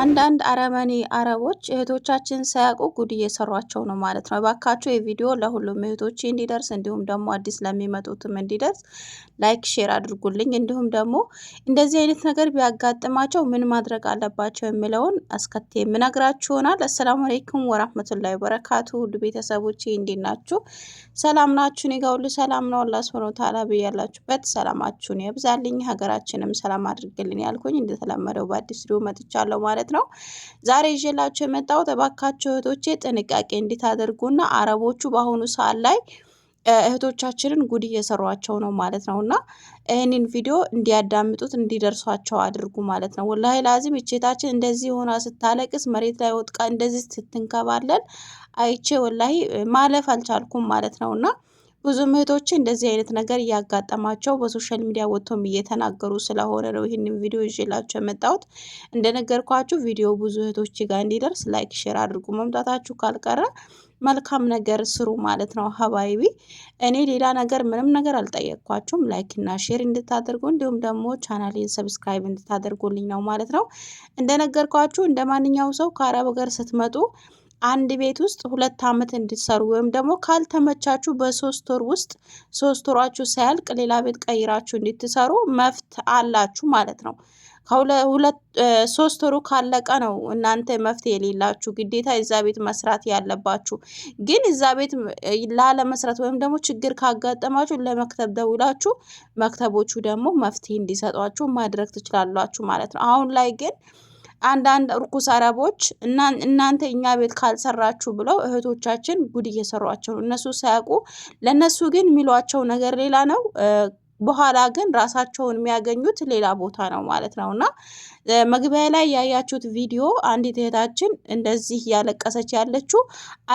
አንዳንድ አረመኔ አረቦች እህቶቻችን ሳያውቁ ጉድ እየሰሯቸው ነው ማለት ነው። እባካችሁ የቪዲዮ ለሁሉም እህቶች እንዲደርስ እንዲሁም ደግሞ አዲስ ለሚመጡትም እንዲደርስ ላይክ፣ ሼር አድርጉልኝ። እንዲሁም ደግሞ እንደዚህ አይነት ነገር ቢያጋጥማቸው ምን ማድረግ አለባቸው የሚለውን አስከቴ የምነግራችሁ ይሆናል። አሰላሙ አለይኩም ወራህመቱላሂ ወበረካቱ። ሁሉ ቤተሰቦች እንዴት ናችሁ? ሰላም ናችሁ? እኔ ጋር ሁሉ ሰላም ነው። አላህ ሱብሃነሁ ወተዓላ ብያላችሁበት ሰላማችሁን ያብዛልኝ፣ ሀገራችንም ሰላም አድርግልን ያልኩኝ እንደተለመደው በአዲስ ቪዲዮ መጥቻለሁ ማለት ማለት ነው። ዛሬ ይዤላቸው የመጣሁት እባካችሁ እህቶቼ ጥንቃቄ እንዲታደርጉና አረቦቹ በአሁኑ ሰዓት ላይ እህቶቻችንን ጉድ እየሰሯቸው ነው ማለት ነው። እና ይህንን ቪዲዮ እንዲያዳምጡት እንዲደርሷቸው አድርጉ ማለት ነው። ወላሂ ላዚም እቼታችን እንደዚህ ሆና ስታለቅስ መሬት ላይ ወጥቃ እንደዚህ ስትንከባለን አይቼ ወላሂ ማለፍ አልቻልኩም ማለት ነው እና ብዙ እህቶች እንደዚህ አይነት ነገር እያጋጠማቸው በሶሻል ሚዲያ ወጥቶም እየተናገሩ ስለሆነ ነው ይህንን ቪዲዮ ይዤላቸው የመጣሁት። እንደነገርኳችሁ ቪዲዮ ብዙ እህቶች ጋር እንዲደርስ ላይክ፣ ሼር አድርጉ። መምጣታችሁ ካልቀረ መልካም ነገር ስሩ ማለት ነው። ሀባይቢ እኔ ሌላ ነገር ምንም ነገር አልጠየቅኳችሁም። ላይክ እና ሼር እንድታደርጉ እንዲሁም ደግሞ ቻናሌን ሰብስክራይብ እንድታደርጉልኝ ነው ማለት ነው። እንደነገርኳችሁ እንደ ማንኛው ሰው ከአረብ ሀገር ስትመጡ አንድ ቤት ውስጥ ሁለት ዓመት እንድትሰሩ ወይም ደግሞ ካልተመቻችሁ በሶስት ወር ውስጥ ሶስት ወሯችሁ ሳያልቅ ሌላ ቤት ቀይራችሁ እንድትሰሩ መፍት አላችሁ ማለት ነው። ሶስት ወሩ ካለቀ ነው እናንተ መፍትሄ የሌላችሁ ግዴታ እዛ ቤት መስራት ያለባችሁ። ግን እዛ ቤት ላለመስራት ወይም ደግሞ ችግር ካጋጠማችሁ ለመክተብ ደውላችሁ መክተቦቹ ደግሞ መፍትሄ እንዲሰጧችሁ ማድረግ ትችላላችሁ ማለት ነው። አሁን ላይ ግን አንዳንድ ርኩስ አረቦች እናንተ እኛ ቤት ካልሰራችሁ ብለው እህቶቻችን ጉድ እየሰሯቸው ነው፣ እነሱ ሳያውቁ። ለእነሱ ግን የሚሏቸው ነገር ሌላ ነው። በኋላ ግን ራሳቸውን የሚያገኙት ሌላ ቦታ ነው ማለት ነው። እና መግቢያ ላይ ያያችሁት ቪዲዮ አንዲት እህታችን እንደዚህ እያለቀሰች ያለችው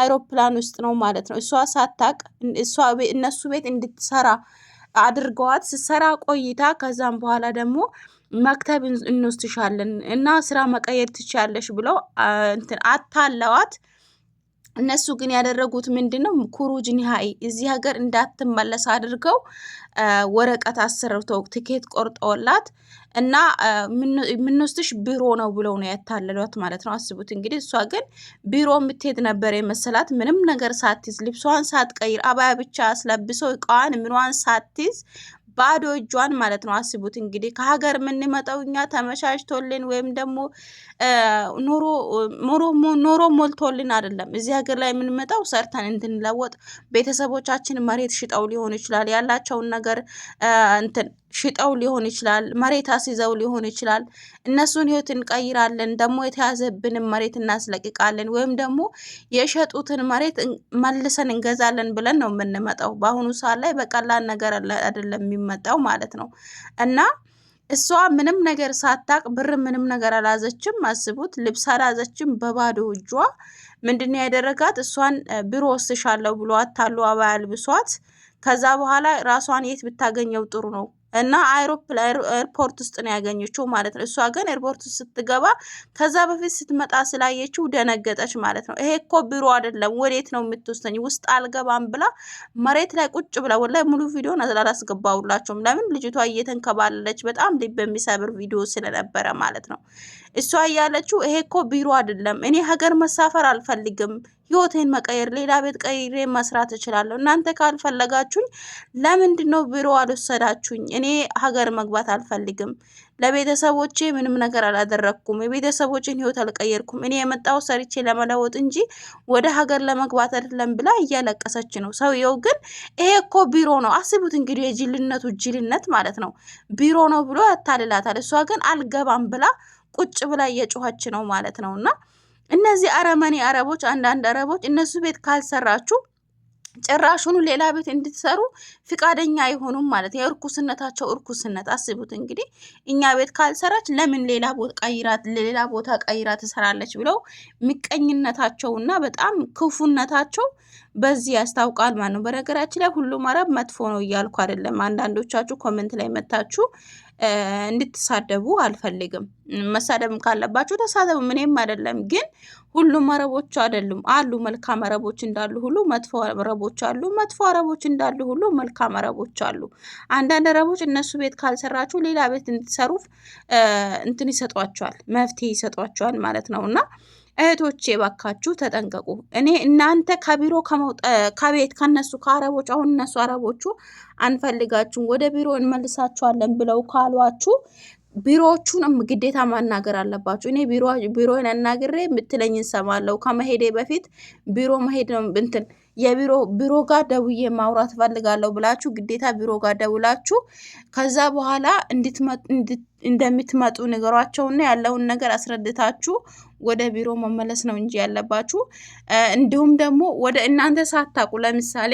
አይሮፕላን ውስጥ ነው ማለት ነው። እሷ ሳታቅ እሷ እነሱ ቤት እንድትሰራ አድርገዋት ስትሰራ ቆይታ ከዛም በኋላ ደግሞ መክተብ እንወስድሻለን እና ስራ መቀየር ትችያለሽ ብለው አታለዋት። እነሱ ግን ያደረጉት ምንድን ነው? ኩሩጅ ኒሃይ እዚህ ሀገር እንዳትመለስ አድርገው ወረቀት አሰርተው ትኬት ቆርጠውላት እና የምንወስድሽ ቢሮ ነው ብለው ነው ያታለሏት ማለት ነው። አስቡት እንግዲህ። እሷ ግን ቢሮ የምትሄድ ነበር የመሰላት ምንም ነገር ሳትይዝ ልብሷን ሳትቀይር አባያ ብቻ አስለብሰው እቃዋን ምኗን ሳትይዝ ባዶ እጇን ማለት ነው። አስቡት እንግዲህ ከሀገር የምንመጣው እኛ ተመቻችቶልን ወይም ደግሞ ኑሮ ሞልቶልን አይደለም። እዚህ ሀገር ላይ የምንመጣው ሰርተን እንድንለወጥ ቤተሰቦቻችን መሬት ሽጠው ሊሆን ይችላል ያላቸውን ነገር እንትን ሽጠው ሊሆን ይችላል፣ መሬት አስይዘው ሊሆን ይችላል። እነሱን ህይወት እንቀይራለን፣ ደግሞ የተያዘብንም መሬት እናስለቅቃለን፣ ወይም ደግሞ የሸጡትን መሬት መልሰን እንገዛለን ብለን ነው የምንመጣው። በአሁኑ ሰዓት ላይ በቀላል ነገር አይደለም የሚመጣው ማለት ነው እና እሷ ምንም ነገር ሳታቅ ብር ምንም ነገር አላዘችም። አስቡት፣ ልብስ አላዘችም። በባዶ እጇ ምንድን ያደረጋት? እሷን ቢሮ ወስሻለሁ ብሏት ታሉ አባ ያልብሷት። ከዛ በኋላ ራሷን የት ብታገኘው ጥሩ ነው? እና ኤርፖርት ውስጥ ነው ያገኘችው ማለት ነው። እሷ ግን ኤርፖርት ውስጥ ስትገባ ከዛ በፊት ስትመጣ ስላየችው ደነገጠች ማለት ነው። ይሄ እኮ ቢሮ አይደለም፣ ወዴት ነው የምትወስደኝ? ውስጥ አልገባም ብላ መሬት ላይ ቁጭ ብላ ወላሂ ሙሉ ቪዲዮን አላስገባሁላቸውም። ለምን ልጅቷ እየተንከባለለች በጣም ልብ የሚሰብር ቪዲዮ ስለነበረ ማለት ነው። እሷ እያለችው ይሄ እኮ ቢሮ አይደለም፣ እኔ ሀገር መሳፈር አልፈልግም፣ ህይወቴን መቀየር ሌላ ቤት ቀይሬ መስራት እችላለሁ። እናንተ ካልፈለጋችሁኝ ለምንድን ነው ቢሮ አልወሰዳችሁኝ? እኔ ሀገር መግባት አልፈልግም፣ ለቤተሰቦቼ ምንም ነገር አላደረግኩም፣ የቤተሰቦችን ህይወት አልቀየርኩም። እኔ የመጣው ሰርቼ ለመለወጥ እንጂ ወደ ሀገር ለመግባት አይደለም ብላ እያለቀሰች ነው። ሰውየው ግን ይሄ እኮ ቢሮ ነው። አስቡት እንግዲህ የጅልነቱ ጅልነት ማለት ነው። ቢሮ ነው ብሎ ያታልላታል። እሷ ግን አልገባም ብላ ቁጭ ብላ እየጮኸች ነው ማለት ነው። እና እነዚህ አረመኔ አረቦች፣ አንዳንድ አረቦች እነሱ ቤት ካልሰራችሁ ጭራሹኑ ሌላ ቤት እንድትሰሩ ፍቃደኛ አይሆኑም ማለት የእርኩስነታቸው እርኩስነት አስቡት እንግዲህ። እኛ ቤት ካልሰራች ለምን ሌላ ሌላ ቦታ ቀይራ ትሰራለች ብለው ምቀኝነታቸውና በጣም ክፉነታቸው በዚህ ያስታውቃል ማለት ነው። በነገራችን ላይ ሁሉም አረብ መጥፎ ነው እያልኩ አይደለም። አንዳንዶቻችሁ ኮመንት ላይ መታችሁ እንድትሳደቡ አልፈልግም። መሳደብም ካለባችሁ ተሳደቡ፣ ምንም አይደለም። ግን ሁሉም አረቦች አይደሉም። አሉ መልካም አረቦች እንዳሉ ሁሉ መጥፎ አረቦች አሉ፣ መጥፎ አረቦች እንዳሉ ሁሉ መልካም አረቦች አሉ። አንዳንድ አረቦች እነሱ ቤት ካልሰራችሁ ሌላ ቤት እንድትሰሩ እንትን ይሰጧቸዋል፣ መፍትሄ ይሰጧቸዋል ማለት ነው እና እህቶቼ ባካችሁ ተጠንቀቁ። እኔ እናንተ ከቢሮ ከቤት ከነሱ ከአረቦች አሁን እነሱ አረቦቹ አንፈልጋችሁም ወደ ቢሮ እንመልሳችኋለን ብለው ካሏችሁ ቢሮዎቹንም ግዴታ ማናገር አለባችሁ። እኔ ቢሮን አናግሬ የምትለኝ እንሰማለሁ። ከመሄዴ በፊት ቢሮ መሄድ ነው እንትን የቢሮ ቢሮ ጋር ደውዬ ማውራት ፈልጋለሁ ብላችሁ ግዴታ ቢሮ ጋር ደውላችሁ ከዛ በኋላ እንደምትመጡ ንገሯቸውና ያለውን ነገር አስረድታችሁ ወደ ቢሮ መመለስ ነው እንጂ ያለባችሁ። እንዲሁም ደግሞ ወደ እናንተ ሳታውቁ ለምሳሌ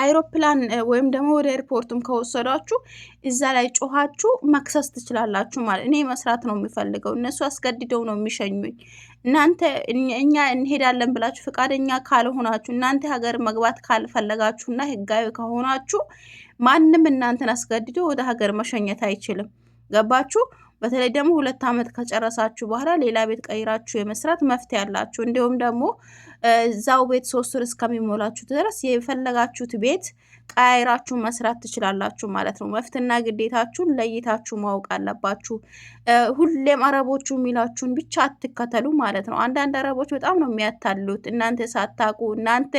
አይሮፕላን ወይም ደግሞ ወደ ኤርፖርትም ከወሰዷችሁ እዛ ላይ ጮኋችሁ መክሰስ ትችላላችሁ። ማለት እኔ መስራት ነው የሚፈልገው እነሱ አስገድደው ነው የሚሸኙኝ። እናንተ እኛ እንሄዳለን ብላችሁ ፈቃደኛ ካልሆናችሁ፣ እናንተ ሀገር መግባት ካልፈለጋችሁና ህጋዊ ከሆናችሁ ማንም እናንተን አስገድዶ ወደ ሀገር መሸኘት አይችልም። ገባችሁ? በተለይ ደግሞ ሁለት ዓመት ከጨረሳችሁ በኋላ ሌላ ቤት ቀይራችሁ የመስራት መፍትሄ አላችሁ። እንዲሁም ደግሞ እዛው ቤት ወር እስከሚሞላችሁ ድረስ የፈለጋችሁት ቤት ቀያይራችሁ መስራት ትችላላችሁ ማለት ነው። መፍትና ግዴታችሁን ለይታችሁ ማወቅ አለባችሁ። ሁሌም አረቦቹ የሚላችሁን ብቻ አትከተሉ ማለት ነው። አንዳንድ አረቦች በጣም ነው የሚያታሉት። እናንተ ሳታቁ እናንተ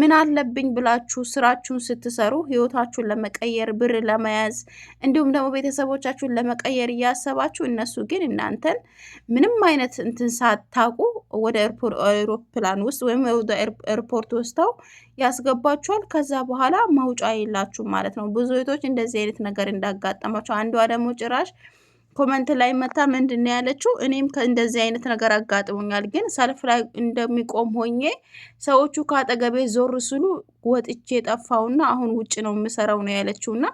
ምን አለብኝ ብላችሁ ስራችሁን ስትሰሩ ህይወታችሁን ለመቀየር ብር ለመያዝ እንዲሁም ደግሞ ቤተሰቦቻችሁን ለመቀየር እያሰባችሁ እነሱ ግን እናንተን ምንም አይነት እንትን ሳታቁ ወደ አውሮፕላን ውስጥ ወይም ወደ ኤርፖርት ወስተው ያስገባችኋል። ከዛ በኋላ መውጫ የላችሁም ማለት ነው። ብዙ እህቶች እንደዚህ አይነት ነገር እንዳጋጠማቸው፣ አንዷ ደግሞ ጭራሽ ኮመንት ላይ መታ ምንድን ያለችው? እኔም እንደዚህ አይነት ነገር አጋጥሞኛል፣ ግን ሰልፍ ላይ እንደሚቆም ሆኜ ሰዎቹ ከአጠገቤ ዞር ስሉ ወጥቼ የጠፋውና አሁን ውጭ ነው የምሰራው ነው ያለችው። እና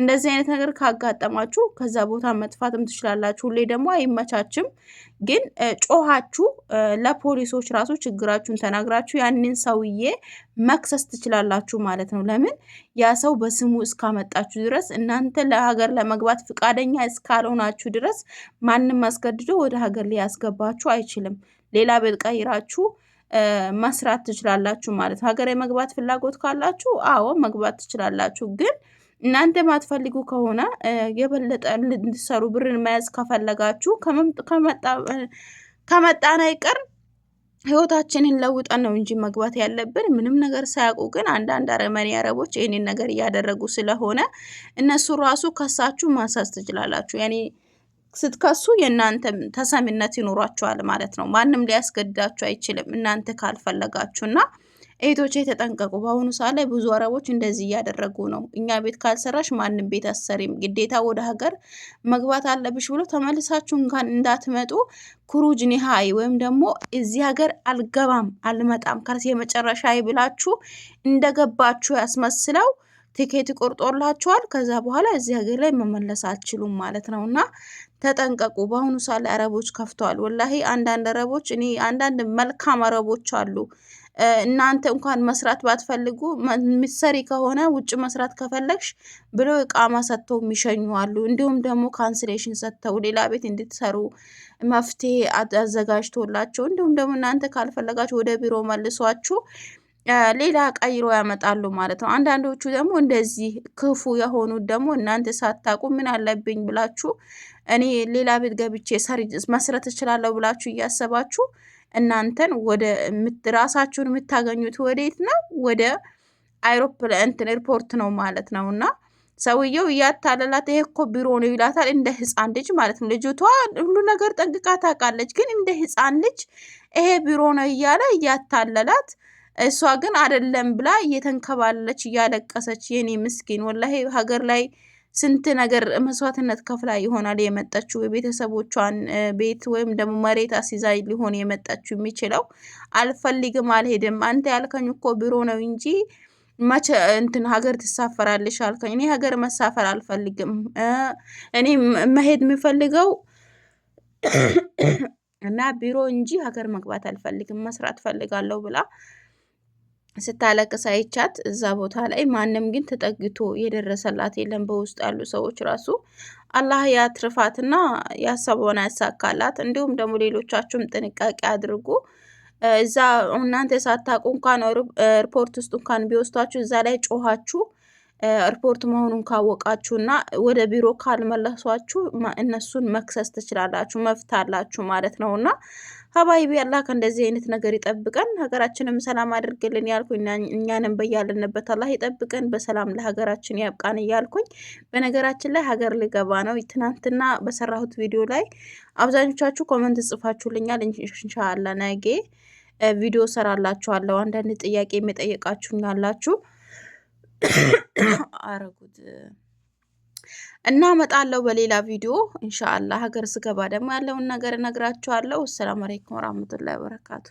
እንደዚህ አይነት ነገር ካጋጠማችሁ ከዛ ቦታ መጥፋትም ትችላላችሁ። ሁሌ ደግሞ አይመቻችም፣ ግን ጮሃችሁ ለፖሊሶች ራሱ ችግራችሁን ተናግራችሁ ያንን ሰውዬ መክሰስ ትችላላችሁ ማለት ነው። ለምን ያ ሰው በስሙ እስካመጣችሁ ድረስ እናንተ ለሀገር ለመግባት ፍቃደኛ እስካልሆናችሁ ድረስ ማንም አስገድዶ ወደ ሀገር ሊያስገባችሁ አይችልም። ሌላ ቤት ቀይራችሁ መስራት ትችላላችሁ ማለት ነው። ሀገር የመግባት ፍላጎት ካላችሁ አዎ መግባት ትችላላችሁ። ግን እናንተ ማትፈልጉ ከሆነ የበለጠ እንድትሰሩ ብርን መያዝ ከፈለጋችሁ ከመጣን አይቀር ህይወታችንን ለውጠን ነው እንጂ መግባት ያለብን ምንም ነገር ሳያውቁ። ግን አንዳንድ አረመኔ አረቦች ይህንን ነገር እያደረጉ ስለሆነ እነሱ ራሱ ከሳችሁ ማንሳት ትችላላችሁ ያኔ ስትከሱ የእናንተ ተሰሚነት ይኖሯቸዋል ማለት ነው። ማንም ሊያስገድዳችሁ አይችልም እናንተ ካልፈለጋችሁ እና እህቶቼ ተጠንቀቁ። በአሁኑ ሰዓት ላይ ብዙ አረቦች እንደዚህ እያደረጉ ነው። እኛ ቤት ካልሰራሽ ማንም ቤት አሰሪም ግዴታ ወደ ሀገር መግባት አለብሽ ብሎ ተመልሳችሁ እንኳን እንዳትመጡ ኩሩጅ ኒሃይ ወይም ደግሞ እዚህ ሀገር አልገባም አልመጣም ከርስ የመጨረሻ ብላችሁ እንደገባችሁ ያስመስለው ቲኬት ይቆርጦላችኋል። ከዛ በኋላ እዚህ ሀገር ላይ መመለስ አልችሉም ማለት ነው እና ተጠንቀቁ። በአሁኑ ሰዓት ላይ አረቦች ከፍተዋል። ወላሂ አንዳንድ አረቦች እኔ አንዳንድ መልካም አረቦች አሉ። እናንተ እንኳን መስራት ባትፈልጉ ምትሰሪ ከሆነ ውጭ መስራት ከፈለግሽ ብለው እቃማ ሰጥተው የሚሸኙ አሉ። እንዲሁም ደግሞ ካንስሌሽን ሰጥተው ሌላ ቤት እንድትሰሩ መፍትሄ አዘጋጅቶላቸው እንዲሁም ደግሞ እናንተ ካልፈለጋችሁ ወደ ቢሮ መልሷችሁ ሌላ ቀይሮ ያመጣሉ ማለት ነው። አንዳንዶቹ ደግሞ እንደዚህ ክፉ የሆኑት ደግሞ እናንተ ሳታውቁ ምን አለብኝ ብላችሁ እኔ ሌላ ቤት ገብቼ መስረት እችላለሁ ብላችሁ እያሰባችሁ እናንተን ወደ ራሳችሁን የምታገኙት ወዴት ነው? ወደ አይሮፕላን ኤርፖርት ነው ማለት ነው። እና ሰውየው እያታለላት ይሄ እኮ ቢሮ ነው ይላታል፣ እንደ ህፃን ልጅ ማለት ነው። ልጅቷ ሁሉ ነገር ጠንቅቃ ታውቃለች፣ ግን እንደ ህፃን ልጅ ይሄ ቢሮ ነው እያለ እያታለላት እሷ ግን አደለም ብላ እየተንከባለች እያለቀሰች የኔ ምስኪን ወላሂ ሀገር ላይ ስንት ነገር መስዋዕትነት ከፍላ ይሆናል የመጣችው የቤተሰቦቿን ቤት ወይም ደግሞ መሬት አስይዛ ሊሆን የመጣችው የሚችለው አልፈልግም፣ አልሄድም፣ አንተ ያልከኝ እኮ ቢሮ ነው እንጂ መቼ እንትን ሀገር ትሳፈራለሽ አልከኝ። እኔ ሀገር መሳፈር አልፈልግም። እኔ መሄድ የምፈልገው እና ቢሮ እንጂ ሀገር መግባት አልፈልግም፣ መስራት ፈልጋለሁ ብላ ስታለቅስ አይቻት እዛ ቦታ ላይ ማንም ግን ተጠግቶ የደረሰላት የለም። በውስጥ ያሉ ሰዎች ራሱ አላህ ያትርፋትና ያሰበውን ያሳካላት። እንዲሁም ደግሞ ሌሎቻችሁም ጥንቃቄ አድርጉ። እዛ እናንተ ሳታውቁ እንኳን ሪፖርት ውስጥ እንኳን ቢወስቷችሁ እዛ ላይ ጮኋችሁ ሪፖርት መሆኑን ካወቃችሁ እና ወደ ቢሮ ካልመለሷችሁ እነሱን መክሰስ ትችላላችሁ፣ መፍት አላችሁ ማለት ነው እና ሀባይቢ አላህ ከእንደዚህ አይነት ነገር ይጠብቀን፣ ሀገራችንም ሰላም አድርግልን ያልኩኝ እኛንም በያለንበት አላህ ይጠብቀን፣ በሰላም ለሀገራችን ያብቃን እያልኩኝ በነገራችን ላይ ሀገር ሊገባ ነው። ትናንትና በሰራሁት ቪዲዮ ላይ አብዛኞቻችሁ ኮመንት ጽፋችሁልኛል። እንሻላ ነገ ቪዲዮ ሰራላችኋለሁ። አንዳንድ ጥያቄ የሚጠየቃችሁኛላችሁ አላችሁ። አረጉት እና መጣለው በሌላ ቪዲዮ ኢንሻአላህ። ሀገር ስገባ ደግሞ ያለውን ነገር እነግራችኋለሁ። አሰላሙ አለይኩም ወራህመቱላሂ ወበረካቱ።